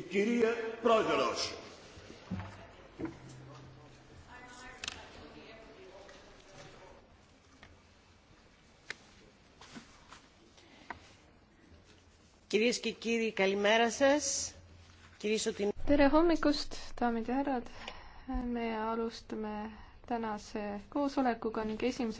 Κυρία Πρόεδρος. Κυρίες και κύριοι, καλημέρα σας. Κυρίες ότι... Tere hommikust, daamid ja härrad. Me alustame tänase koosolekuga ning esimese